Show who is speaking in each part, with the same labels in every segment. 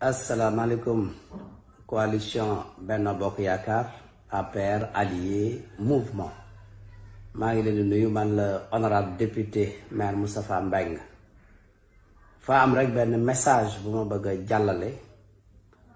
Speaker 1: asalaamaaleykum coalition Benno Bokk Yaakaar APR allié mouvement maa ngi leen man la honorable député maire Moustapha Mbengue fa am rek benn message bu ma bëgg a jàllale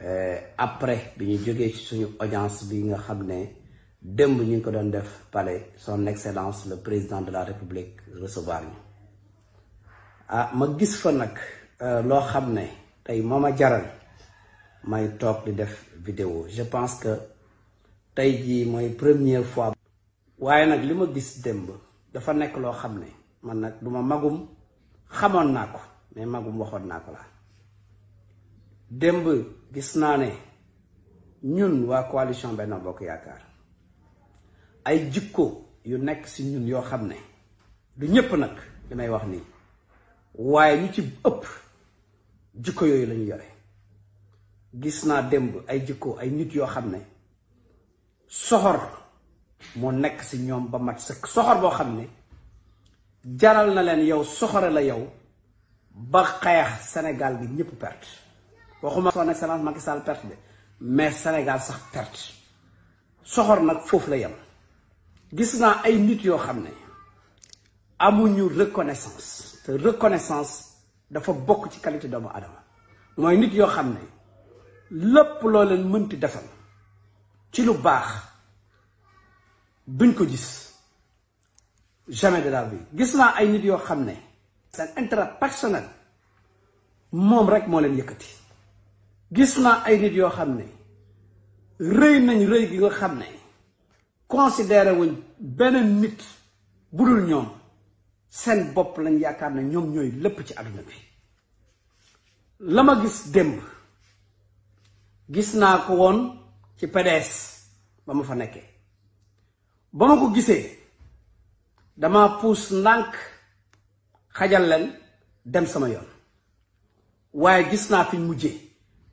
Speaker 1: eh, après bi ñu jógee ci suñu audience bi nga xam ne démb ñu ko doon def palais son excellence le président de la république recevoir ñu ah ma gis fa nag euh, loo xam ne tey moo ma jaral may toog di def vidéo je pense que tey jii mooy première fois. waaye nag li ma gis démb dafa nekk loo xam ne man nag du ma magum xamoon naa ko mais magum waxoon naa ko la démb gis naa ne ñun waa coalition Benno Bokk Yaakaar ay jikko yu nekk si ñun yoo xam ne du ñépp nag li may wax nii waaye ñu ci ëpp jikko yoy lañu yore gisna démb ay jikko ay nit yo xamné ne soxor moo nekk si ñoom ba mat sëkk soxor bo xamné jaral na len yow soxore la yow ba xex Sénégal bi ñëpp perte waxuma son excellence Macky Sall perte de mais Sénégal sax perte soxor nak fofu la yam gisna ay nit yo xamné amuñu reconnaissance te reconnaissance dafa bokk ci qualité doomu adama moy nit yo xamné lépp lo leen mënti defal ci lu bax buñ ko gis jamais de la vie gis na ay nit yo xamné sen intérêt personnel mom rek mo leen yëkëti gis na ay nit yo xamné reuy nañ reuy gi nga xamné ne considéré wuñ benen nit budul ñom seen bopp lañ yaakaar ne ñoom ñooy lépp ci àdduna bi la ma gis démb gis naa ko woon ci PDS ba ma fa nekkee ba ma ko gisee dama puus ndànk xajal leen dem sama yoon waaye gis naa fi mujje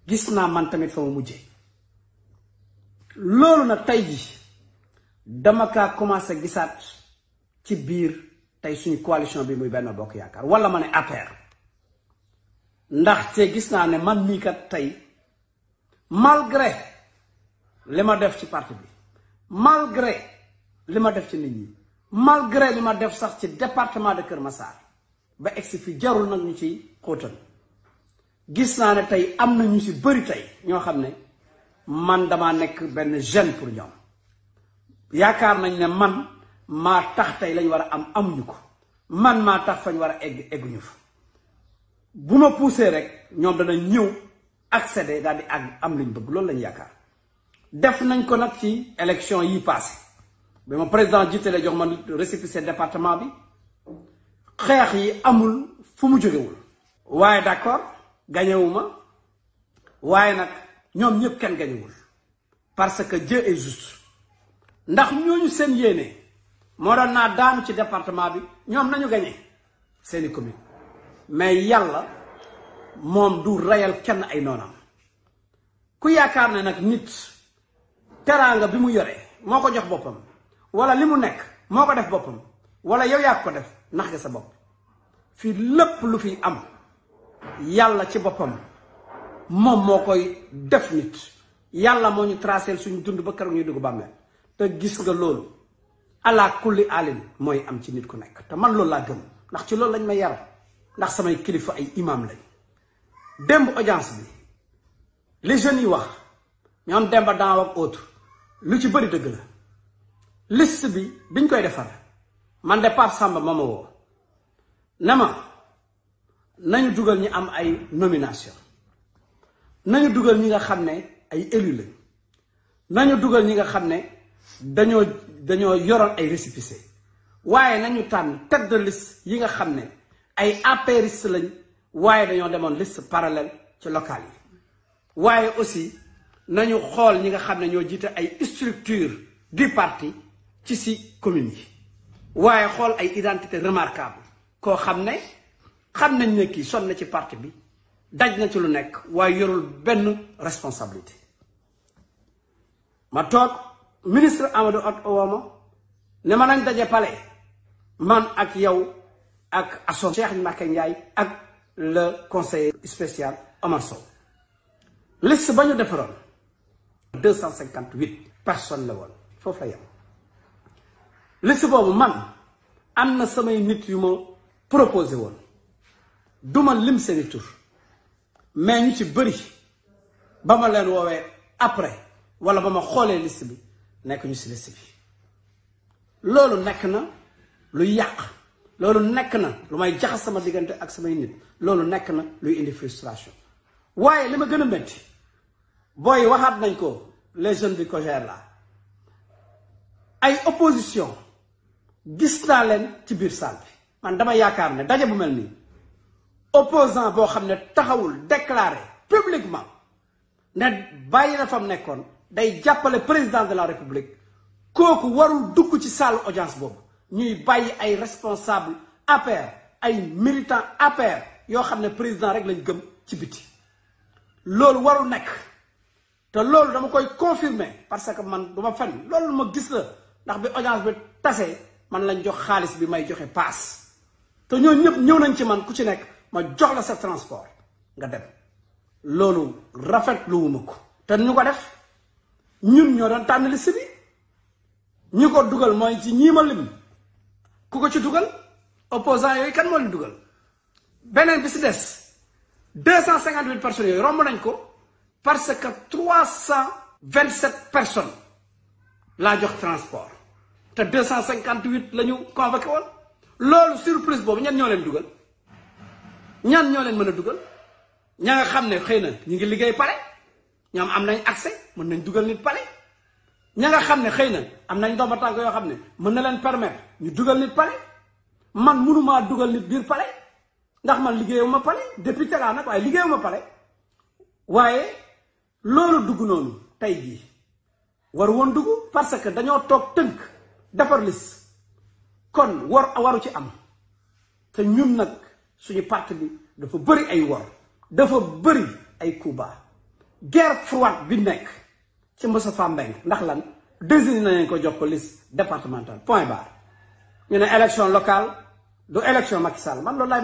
Speaker 1: gis naa man tamit fa ma mujje loolu nag tey ji dama kaa commencé gisaat ci biir tey suñu coalition bi muy benn bokk yaakaar wala ma ne APR ndaxte gis naa ne man mii kat tey malgré li ma def ci parti bi malgré li ma def ci nit ñi malgré li ma def sax ci département de Kër Massar ba egsi fi jarul nag ñu ci xóotal gis naa ne tey am na ñu ci bëri tey ñoo xam ne man dama nekk benn jeune pour ñoom yaakaar nañ ne man ma tax tay lañ wara am amuñu ko man ma tax fañ wara a egg egguñu fa bu ma poussé rek ñoom dana ñew accéder dal di àgg am liñ bëgg loolu lañ yaakaar def nañ ko nak ci élection yi passé bi ma président jiitale jox man récépissé département bi xex yi amul fu mu jogé wul waye d'accord gagné gañewuma waaye nag ñoom ñëpp kenn gañewul parce que Dieu est juste ndax ñoñu seen yéné moo doon naa daanu ci département bi ñoom nañu gañee seeni commune mais yàlla moom du reyal kenn ay noonam ku yaakaar ne nag nit teraanga bi mu yore moo ko jox boppam wala li mu nekk moo ko def boppam wala yow yaa ko def nax nga sa bopp fi lépp lu fi am yàlla ci boppam moom moo koy def nit yàlla moo ñu tracé suñu dund ba keroog ñuy dugg bàmmeel te gis nga loolu ala kulli alin mooy am ci nit ku nekk te man loolu laa gëm ndax ci loolu lañ ma yar ndax samay kilifa ay imaam lañ démb audience bi les jeunes yi wax ñoom Demba Daaw ak autre lu ci bëri dëgg la liste bi biñ koy defar man de Pape Samba ma ma woo ne ma nañu dugal ñi am ay nomination nañu dugal ñi nga xam ne ay élu lañ nañu dugal ñi nga xam ne dañoo dañoo yoroon ay récépissé waaye nañu tànn tête de liste yi nga xam ne ay apériste lañ waaye dañoo demoon liste parallèle ci locale yi waaye aussi nañu xool ñi nga xam ne ñoo jiite ay structure du parti ci si commune yi waaye xool ay identité remarquable koo xam ne xam nañ ne kii son na ci parti bi daj na ci lu nekk waaye yorul benn responsabilité ma toog ministre Amadou ak Owama ne ma nañ daje pale man ak yow ak asso Cheikh Mbacké Ndiaye ak le conseiller spécial Omar Sow liste bañu ñu 258 personnes la won foofu la yem liste bobu man amna samay nit yu ma proposé won du lim seeni tour mais ñu ci bëri bama ma wowe après wala bama xolé liste bi nekk ñu si liste bi loolu nekk na lu yàq loolu nekk na lu may jaxas sama diggante ak samay nit loolu nekk na luy indi frustration waaye li ma gën a métti booy waxaat nañ ko les jeunes du Cogère la ay opposition gis naa leen ci biir salle bi man dama yaakaar ne daje bu mel nii opposant boo xam ne taxawul déclaré publiquement ne bàyyi na fa mu nekkoon day jàppale président de la république kooku warul dugg ci salle audience boobu ñuy bayyi ay responsable APR ay militant APR yoo xam ne président rek lañ gëm ci biti Lool warul nek. Té lool dama koy confirmer parce que man duma fan. fen loolu gis la ndax bi audience bi tassé man lañ jox xaalis bi may joxe paas Té ñoo ñep ñew nañ ci man ku ci nek ma jox la sa transport nga dem loolu rafetluwuma ko Té ñuko def ñun ñoo daan tànn liste bi ñi ko dugal mooy ci ñii ma lim ku ko ci dugal opposant yooyu kan moo leen dugal beneen bi si des 258 personnes yooyu romb nañ ko parce que 327 personnes laa jox transport te 258 cent cinquante huit la ñu convoqué woon loolu surprise boobu ñan ñoo leen dugal ñan ñoo leen mën a dugal ña nga xam ne xëy na ñu ngi liggéey pare ñam am nañ accès mën nañ dugal nit palais ña nga xamné xeyna am nañ doomu tànk yo xamné mën na leen permettre ñu dugal nit palais man mënumaa dugal nit bir palais ndax man liggéeyuma palais depuis laa nak way liggéeyuma palais waaye lolu dugg noonu tay gi war won dugg parce que dañoo tok teunk defar lis kon war waru ci am te ñun nak suñu parti bi dafa bëri ay war dafa bëri ay coup bas guerre froide bi nek ci ndax lan désigné ko départementale point barre ñu election élection locale du élection Macky man lolay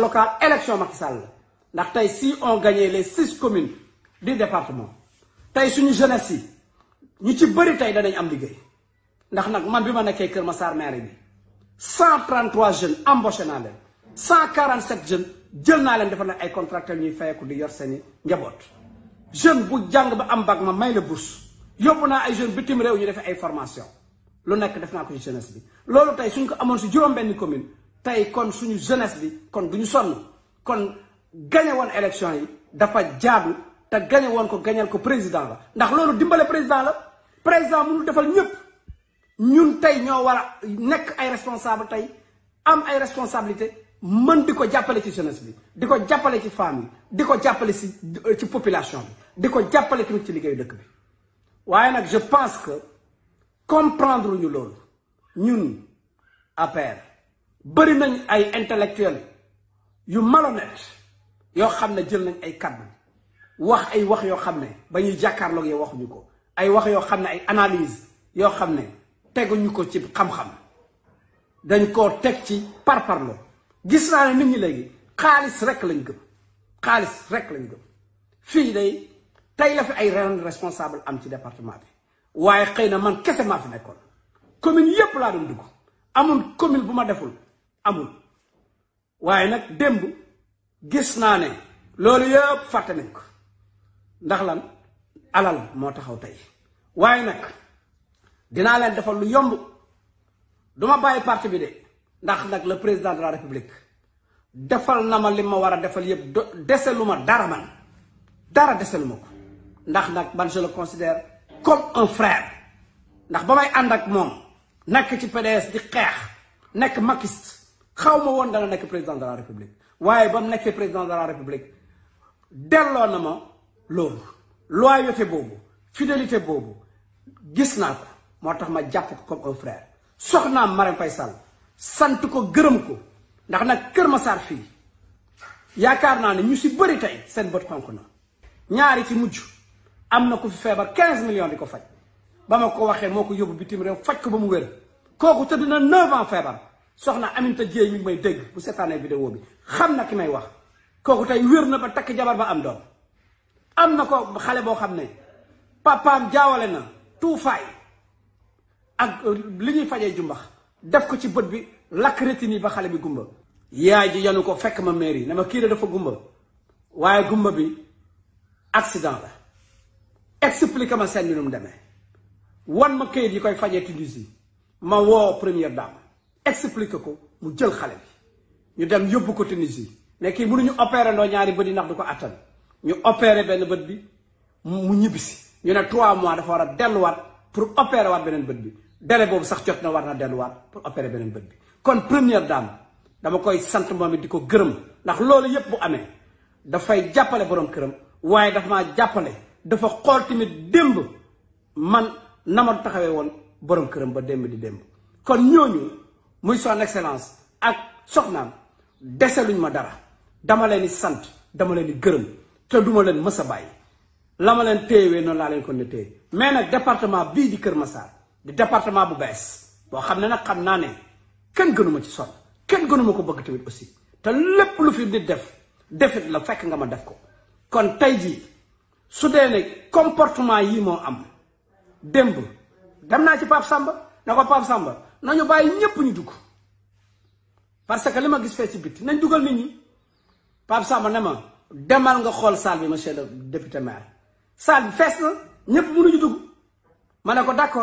Speaker 1: locale élection si on les six communes du département tay suñu jeunesse ñu ci am ndax man maire bi 133 jeunes embauchés 147 jeunes. jël naa leen defal leen ay contracteurs ñuy fayeku di yor seeni njaboot jeune bu jàng ba am bac ma may la bourse yóbbu naa ay jeune bitim réew ñu defee ay formation lu nekk def naa ko ci jeunesse bi loolu tey suñ ko amoon si juróom-benn commune tey kon suñu jeunesse bi kon du ñu sonn kon gañe woon élection yi dafa jaadu te gañe woon ko gañal ko président la ndax loolu dimbale président la président munu defal ñëpp ñun tey ñoo war a nekk ay responsable tey am ay responsabilité man diko jappalé ci jeunesse bi diko jappalé ci femme diko jappalé ci ci population bi di ko jàppale ci liggéeyu dëkk bi waye nak je pense que comprendre ñu lool ñun APR bari nañ ay intellectuel yu malhonnête yo xamné jël nañ ay kàddu wax ay wax yo xamné bañu ba ñuy jàkkaarloog yow waxuñu ko ay wax yo xamné ay analyse yo xamné ne teguñu ko ci xam-xam dañ ko tek ci parparlo gis naa ne nit ñi léegi xaalis rek lañ gëm xaalis rek lañ gëm fii day tey la fi ay ren responsable am ci département bi waaye xëy na man kese maa fi nekkoon commune yépp laa doon dugg amul commune bu ma deful amul waaye nag démb gis naa ne loolu yëpp fàtte nañ ko ndax lan alal moo taxaw tey waaye nag dinaa leen defal lu yomb duma bàyyi parti bi de ndax nak le président de la république defal nama ma li ma war defal yeb do deselu dara man dara deselu ndax nak man je le considère comme un frère ndax ba may ànd ak moom nekk ci PDS di xeex nekk makiste xawma won dana nekk président de la république waye bam mu président de la république delloo nama ma loyauté bobu fidélité bobu gis naa motax ma jàpp ko comme un frère soxnaam Marème Faye Sall sant ko gërëm ko ndax nag Kër Massar fii yaakaar naa ne ñu si bëri tey seen bët xonk na ñaari ci mujj am na ko fi feebar 15 millions di ko faj ba ma ko waxee moo ko yóbbu bitim réew faj ko ba mu wér kooku tëdd na 9 ans feebar soxna Aminta Dieye mi ngi may dégg bu seetaanee vidéo bi xam na ki may wax kooku tey wér na ba takk jabar ba am doom am na ko xale boo xam ne papaam jaawale na tuufaay ak euh, li ñuy fajee jumbax def ko ci bët bi lakk rétini ba xale bi gumba yaay ji yanu ko fekk ma mairie ne ma kii dafa gumba waaye gumba bi accident la explique ma seen minum demee wan ma këyit yi koy fajee Tunisie ma woo première dame explique ko mu jël xale bi ñu dem yóbbu ko Tunisie ne kii mënuñu opéré ndoo ñaari bët yi ndax du ko attan ñu opéré benn bët bi mu ñibbisi ñu ne trois mois dafa war a delluwaat pour opéré waat beneen bët bi délai bobu sax jot na warna na delluwaat pour opérer benen bët bi kon première dame dama koy sante momi diko gërem ndax loolu yépp bu da fay jappalé borom këram waaye dafa maa da dafa xol timit demb man nama taxawé won borom kërëm ba demb di demb kon ñooñu muy son excellence ak déssé deseluñ ma dara dama leen di sant dama leen di gërëm te duma leen mësa bay lama la ma leen téyewee noonu leen ko né téye mais nak département bi di Kër Massar di département bu bess bo xam nak xamna xam ne kenn gënuma ci sonn kenn gënuma ko bëgg tamit aussi té lepp lu fi di def defit la fekk nga ma def ko kon tay ji su dé né comportement yi mo am demb dem na ci Pape Samba na ko Pape Samba nañu bayyi ñepp ñu dugg parce que lima gis fee ci bitti nañ duggal nit ñi Pape Samba ne ma demal nga xol salle bi monsieur le député maire salle fess na ñepp mënu ñu dugg ko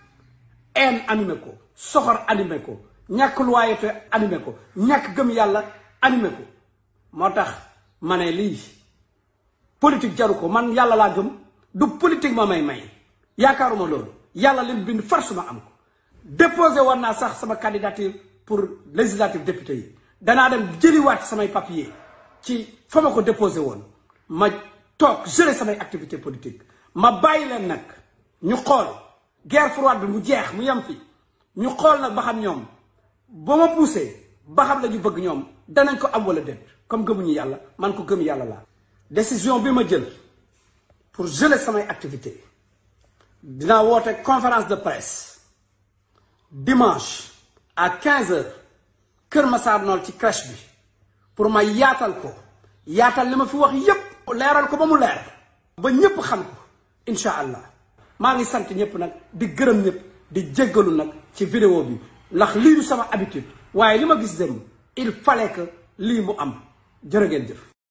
Speaker 1: haine animé ko soxor animé ko ñàkk luwaayete ko ñàkk gëm yàlla animé ko moo tax ma ne lii politique jaru ko man yàlla laa gëm du politique ma may may yaakaaruma loolu yàlla leen bind force ma am ko déposé woon naa sax sama candidature pour législative député yi danaa dem jëliwaat samay papier ci fa ko déposé woon ma toog gérer samay activité politique ma bàyyi leen nag ñu xool guerre froide bi mu jeex mu yem fi ñu xool nag ba xam ñoom ba ma poussé ba xam la ñu bëgg ñoom danañ ko am walla déet comme gëmuñu yàlla man ko gëm yàlla laa. décision bi ma jël pour jële samay activité dinaa woote conférence de presse dimanche à 15h Kër Massar nool ci crèche bi pour may yaatal ko yaatal li ma fi wax yëpp leeral ko ba mu leer ba ñëpp xam ko incha allah. mangi sant ñep nak di gërëm ñep di jéggalu nak ci vidéo bi ndax li du sama habitude waye li ma gis dañ il fallait que li mu am jërë ngeen jëf